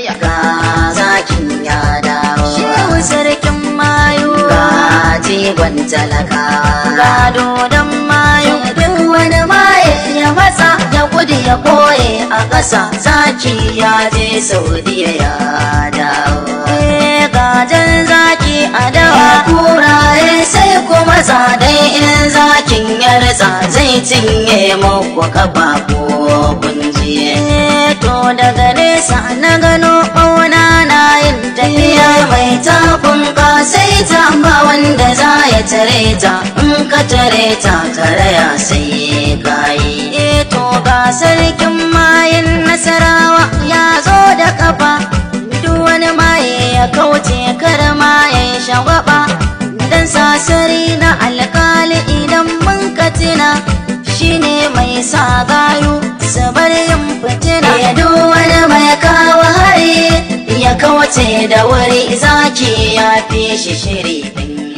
Ga zaki ya dawo. Shehu sarkin mayu. Ga jigon talakawa. Ga dodon mayu. Duk wani maye ya matsa ya gudu ya koye a ƙasa. Zaki ya je Saudiya ya dawo. Eh, ga jan zaki a dawa. Kuraye eh, sai kuma dai in zakin yarsa zai cinye muku kafa ko kunjiye. Eh, to daga nesa na tare ta in ka tare ta karaya sai kayi eh to ga sarkin mayin nasarawa ya zo da kafa duk wani maye ya kauce ya yi shagwaba dan sasari na alkali idan mun katina shine mai sa gayu sabar yin fitina ya duk wani mai kawo hari ya kauce da wuri zaki ya fi shi shiri